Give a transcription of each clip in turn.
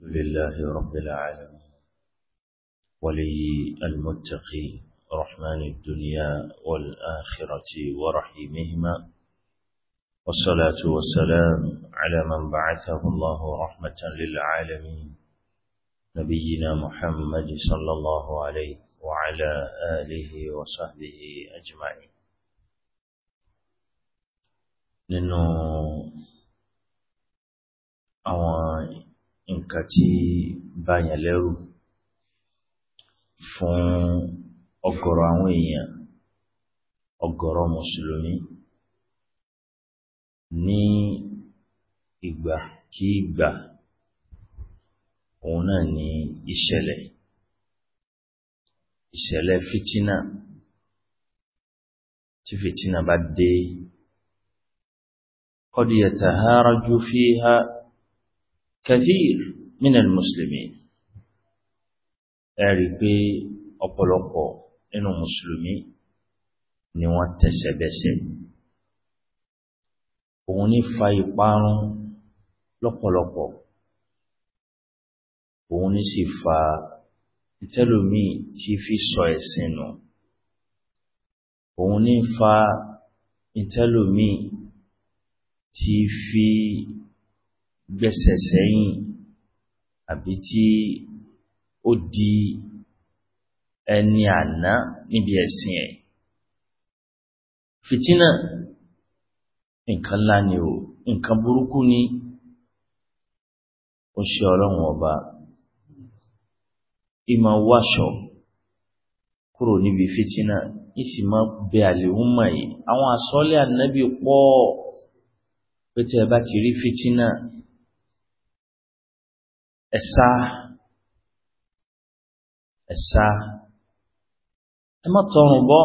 لله رب العالمين ولي المتقي رحمن الدنيا والآخرة ورحيمهما والصلاة والسلام على من بعثه الله رحمة للعالمين نبينا محمد صلى الله عليه وعلى آله وصحبه أجمعين لأنه أوان nǹkan tí báyàn lẹ́rù fún ọ̀gọ̀rọ̀ àwọn èèyàn ọ̀gọ̀rọ̀ mùsùlùmí ní ìgbà kí ìgbà òun náà ni ìṣẹ̀lẹ̀ ìṣẹ̀lẹ̀ fitina tí fìtínà bá dé قد يتهارج فيها كثير من المسلمين ẹ̀rí pé ọ̀pọ̀lọpọ̀ nínú mùsùlùmí ni wọ́n tẹ̀sẹ̀bẹ̀sẹ̀ òun ní fa ìparun lọ́pọ̀lọpọ̀ òun ní sì fa ìtẹ́lòmí tí fi sọ ẹ̀sìn nù òun ní fa ìtẹ́lòmí tí fi gbẹ́sẹ̀ sẹ́yìn àbí tí ó di ẹni àná níbi ẹ̀sìn ẹ̀ fìtínà nǹkan ńlá ni o nǹkan burúkú ni ó ṣe ọlọ́run ọba ìmọ̀ wáṣọ kúrò níbi fìtínà ìsì máa bẹ àlèhùn mọ̀ yìí àwọn àsọ́lé ànábì pọ̀ pé bá ti rí fìtínà ẹ̀sá ẹ̀sá ẹ má tọrùn bọ́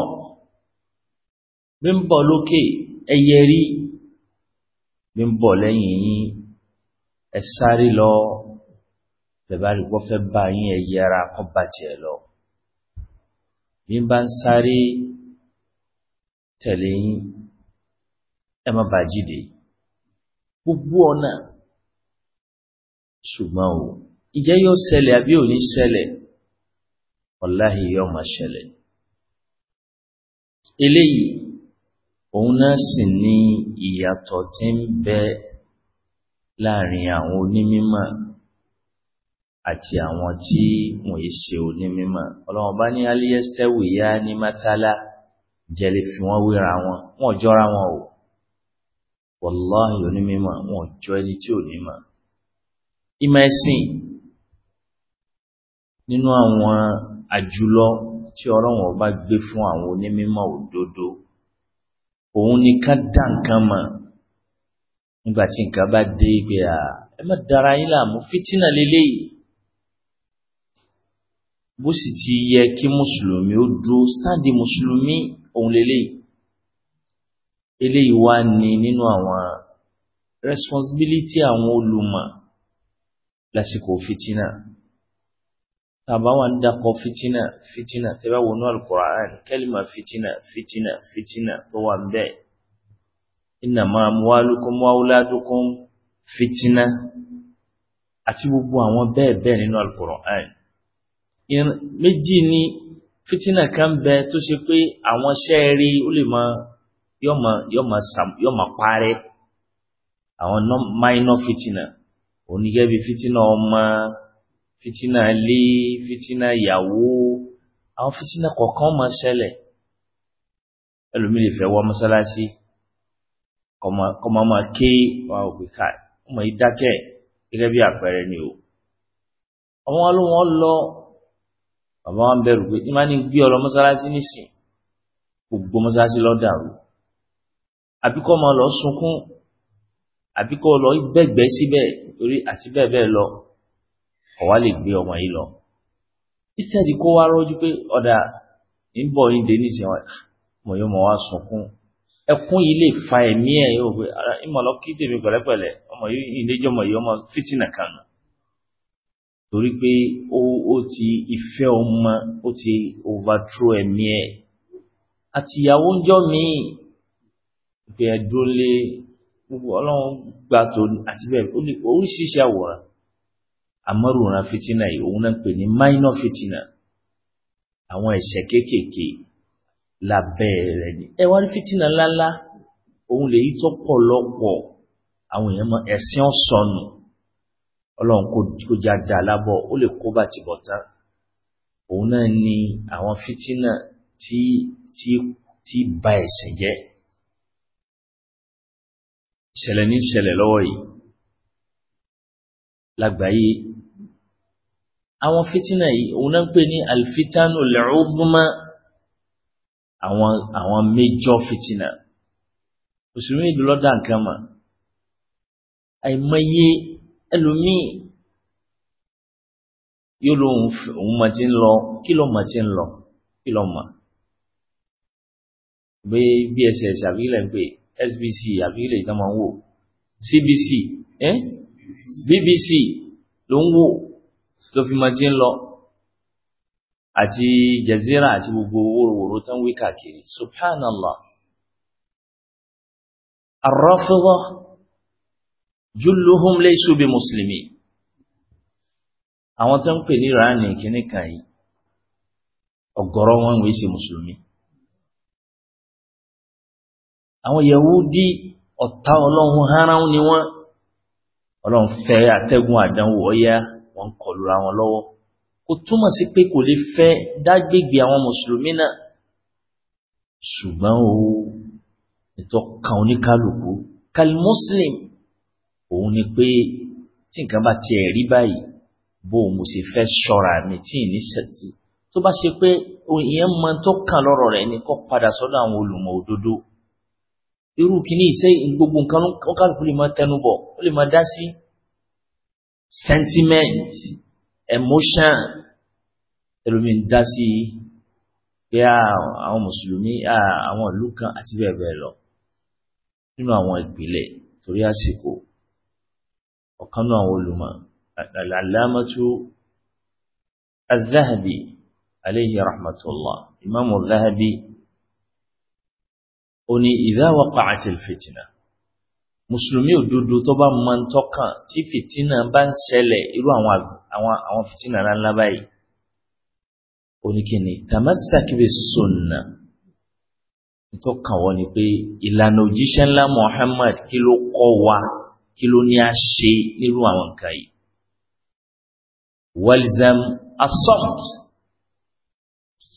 bí ń bọ̀ lókè ẹyẹ rí bí ń bọ̀ lẹ́yìn yín ẹ sáré lọ bẹ̀bá rí kó fẹ́ bá yín ẹyẹ ara kọ́ lọ bí ń bá ń sáré tẹ̀lé yín ẹ gbogbo ọ̀nà ṣùgbọ́n o ìjẹ́ yóò ṣẹlẹ̀ àbí ò ní ṣẹlẹ̀ wàláhì yóò máa ṣẹlẹ̀ eléyìí òun náà sì ní ìyàtọ̀ tí ń bẹ láàrin àwọn onímímọ̀ àti àwọn tí wọ́n yìí ṣe onímímọ̀ ọlọ́run bá ní aliestawi ya ní mátálá jẹ́lẹ̀ fi wọ́n wéra wọn wọ́n jọra wọn o wàláhì onímímọ̀ wọ́n jọ ẹni tí ò ìmọ̀ ẹ̀sìn nínú àwọn àjùlọ tí ọlọ́run ọba gbé fún àwọn onímọ̀ òdodo òun ni ká dá nǹkan mọ̀ nígbà tí nǹkan bá dé ibi à ẹ má dára yín láàmú fítínà lélẹ́yìí bó sì ti yẹ kí mùsùlùmí ó dúró stáàdì mùsùlùmí òun lélẹ́yìí eléyìí wá ní nínú àwọn responsibility àwọn olùmọ̀ lásìkò fitina tàbá wà ń dakọ fitina fitina tẹ́bá wọnú alukur'an kẹlima fitina fitina fitina tó wà ń bẹ́ẹ̀ innama amwalukum wa auladukum fitina àti gbogbo àwọn bẹ́ẹ̀ bẹ́ẹ̀ nínú alukur'an méjì ni fitina kan bẹ tó ṣe pé àwọn sẹ́ẹ̀rí ó lè máa yọ̀mọ̀ yọ̀mọ̀ parẹ́ àwọn minor fitina onígẹ́ bí fìtínà ọmọ fìtínà ilé fìtínà ìyàwó àwọn fìtínà kọ̀ọ̀kan máa ṣẹlẹ̀ ẹlòmíì lè fẹ́ wá mọ́sálásí kọ́mọ máa ké wa òpè ká ọmọ yìí dákẹ́ gẹ́gẹ́ bí àpẹẹrẹ ni o àwọn olóhùn ọ lọ bàbá wa ń bẹ̀rù pé ìmá ní gbé ọlọ mọ́sálásí nísìn gbogbo mọ́sálásí lọ dàrú àbíkọ́ máa lọ sunkún àbí kó lọ bẹ́gbẹ́ síbẹ̀ torí àti bẹ́ẹ̀ bẹ́ẹ̀ lọ ọ̀wá lè gbé ọmọ yìí lọ instead kó wá rọ́jú pé ọ̀dà ń bọ̀ yín dé nísìnyí ah, mọ̀ yóò mọ̀ wá sunkún ẹkún yìí lè fa ẹ̀mí ẹ̀ yóò pé ara ah, ìmọ̀ lọ kí tèmi pẹ̀lẹ́pẹ̀lẹ́ ọmọ yìí ìlẹ́jọ́ ọmọ yìí ọmọ fìtínà kan torí pé ó ti ìfẹ́ ọmọ ó ti overthrow ẹ̀mí ẹ̀ àtìyàwó ń jọ́ míì gbogbo ọlọ́run gbà tó àti bẹ́ẹ̀ oríṣiríṣi àwòrán amọ́rùnrán fitina yìí òun náà ń pè ní minor fitina àwọn ẹ̀ṣẹ̀ kéékèèké lábẹ́ rẹ̀ ni ẹ wá rí fitina ńláńlá òun lèyí tó pọ̀ lọ́pọ̀ àwọn èèyàn mọ ẹ̀sìn ọ̀sọ̀nù ọlọ́run kò já dà lábọ̀ ó lè kó bàtì bọ̀tán òun náà ni àwọn fitina tí tí tí bà ẹ̀sìn jẹ́ ìṣẹ̀lẹ̀ ní ìṣẹ̀lẹ̀ lọ́wọ́ yìí lágbàáyé àwọn fitina yìí òun náà ń pè ní alfitanu lẹ́ọ̀ọ́fúnmá àwọn àwọn méjọ fitina òṣùwọ̀n ìlú lọ́dà nǹkan mà àìmọye ẹlòmíì yóò lóun òun mà ti ń lọ kí ló mà ti ń lọ kí ló mà bí ẹsẹ̀ ẹsẹ̀ àbí ilẹ̀ ń pè é. SBC àbí ilé ìtàn ń wò CBC eh? BBC ló ń wò ló fi máa ti ń lọ àti Jazeera àti gbogbo wòrowòro tán wí káàkiri subhanallah arrafidha julluhum laysu bi muslimi àwọn tó pè ní ìránì kìnnìkan yìí ọ̀gọ̀rọ̀ wọn wèé ṣe mùsùlùmí àwọn Yahudi ọ̀tá ọlọ́run haram ni wọ́n ọlọ́run fẹ́ atẹ́gùn àdánwò ọ̀yá wọ́n ń kọlu ra wọn lọ́wọ́ kò túmọ̀ sí pé kò lè fẹ́ dágbègbè àwọn mùsùlùmí náà ṣùgbọ́n o ètò kan oníkálukú kal muslim òun ni pé tí nǹkan bá tiẹ̀ rí báyìí bó o mo sì fẹ́ ṣọ́ra mi tí ì ní sẹ́tì tó bá ṣe pé ìyẹn mọ tó kàn lọ́rọ̀ rẹ̀ ni kó padà sọ́dọ̀ àwọn olùmọ̀ òdodo irú kìíní iṣẹ́ gbogbo nǹkan ó kálukú lè máa tẹnubọ̀ ó lè máa dá sí sentiment emotion ẹlòmíín dá sí pé ah, àwọn mùsùlùmí ah, àwọn ìlú kan àti bẹ́ẹ̀ bẹ́ẹ̀ lọ nínú àwọn ìpìlẹ̀ torí àsìkò ọ̀kan náà àwọn olùmọ̀ al-allamatu al-dhahabi alayhi rahmatullah ó ní idha waqa'atil fitna mùsùlùmí òdodo tó bá mọ tọkàn tí fìtínà bá ń ṣẹlẹ̀ irú àwọn àwọn àwọn fìtínà ńláńlá báyìí oníkìní tàmásàkìbì sunna tó kàn wọ́n ni pé ìlànà òjíṣẹ́ ńlá Muhammad kí ló kọ́ wa kí ló ní a ṣe nírú àwọn nǹkan yìí walzam assault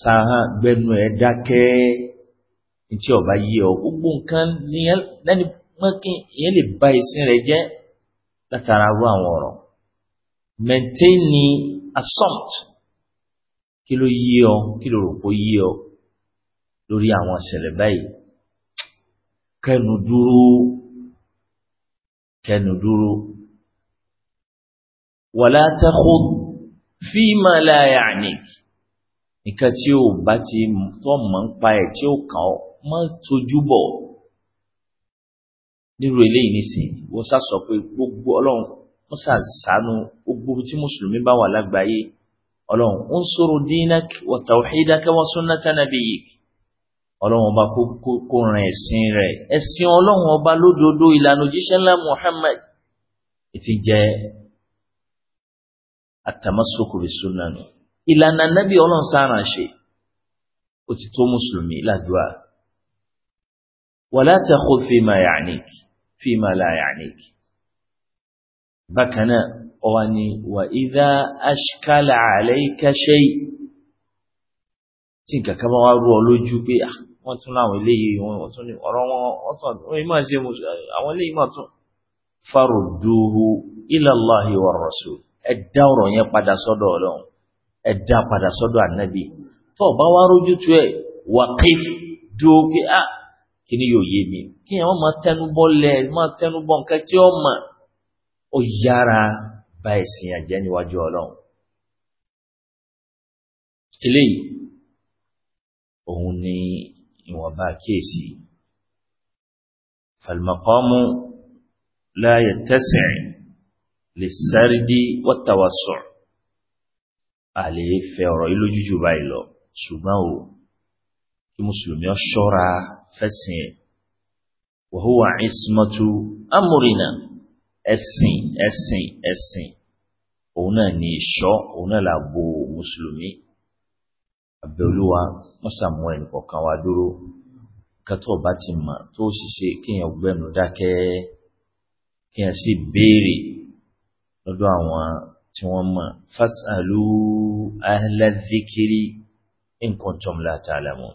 sáà gbẹnu ẹ̀ dákẹ́ tí ọba yé ọ gbogbo nǹkan lẹ́ni mọ́kí ìyẹn lè bá ìsìn rẹ̀ jẹ́ látara rú àwọn ọ̀rọ̀ maintain ni assault kí ló yé ọ kí ló rò pé yé ọ lórí àwọn ìṣẹ̀lẹ̀ báyìí kẹnu dúró kẹnu dúró wala takhud fima la ya'nik nǹkan tí ó bá ti tọ́ mọ̀ ń pa ẹ̀ tí ó kàn ọ́ má tójú bọ̀ nírú eléyìí nísìn wọ́n sá sọ pé gbogbo ọlọ́run wọ́n sá sànú gbogbo tí mùsùlùmí bá wà lágbàáyé ọlọ́run ń sọ̀rọ̀ dinak wa tawhidaka wa sunnata nabiyyik ọlọ́run ọba kó ran ẹ̀sìn rẹ̀ ẹ̀sìn ọlọ́run ọba lódodo ìlànà òjíṣẹ́ ńlá Muhammad ti jẹ́ at-tamassuku bis ìlànà nábì ọlọ́run sáà ránṣẹ́ ó ti tó mùsùlùmí ládùúgbà. ولا takhudh فيما يعنيك فيما لا يعنيك. bákan náà ọwà ni wa idha ashkala alayka shay' tí nǹkan kan bá wá rú ọ lójú pé wọ́n tún láwọn eléyìí wọ́n tún ní ọ̀rọ̀ wọn ọ̀tọ̀ wọ́n yìí máa ṣe àwọn eléyìí máa tún farudduhu ila Allahi wa rasul ẹ ọ̀rọ̀ yẹn padà sọ́dọ̀ ọlọ́run ẹ padà sọ́dọ̀ ànábì tó bá wá rójú tu ẹ waqif dúró pé ah kíní yóò yé mi kí ẹ̀ wọ́n máa tẹnubọ́ lẹ̀ máa tẹnubọ́ nǹkan tí ó mọ̀ ó yára bá ẹ̀sìn àjẹ́ níwájú ọlọ́run eléyìí òun ni ìwọ̀nba kíyèsí falmaqamu la yattasi' lis-sardi wat-tawassu' àlè fẹ́ ọ̀rọ̀ yìí báyìí lọ ṣùgbọ́n o kí mùsùlùmí ọ ṣọ́ra fẹ́sìn ẹ̀ wàhúwà ismatu amúrinà ẹ̀sìn ẹ̀sìn ẹ̀sìn òun náà ni ìṣọ́ òun náà làbò mùsùlùmí àbẹ̀olúwa wọ́n sàmú ẹnì kọ̀ọ̀kan wa dúró kátó ọba ti mọ̀ tó ṣiṣẹ́ kéèyàn gbẹ́nu dákẹ́ kéèyàn sì béèrè lọ́dọ̀ àwọn tí wọ́n mọ̀ fasalu ahla dhikri in kuntum la ta'lamun.